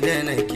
da nake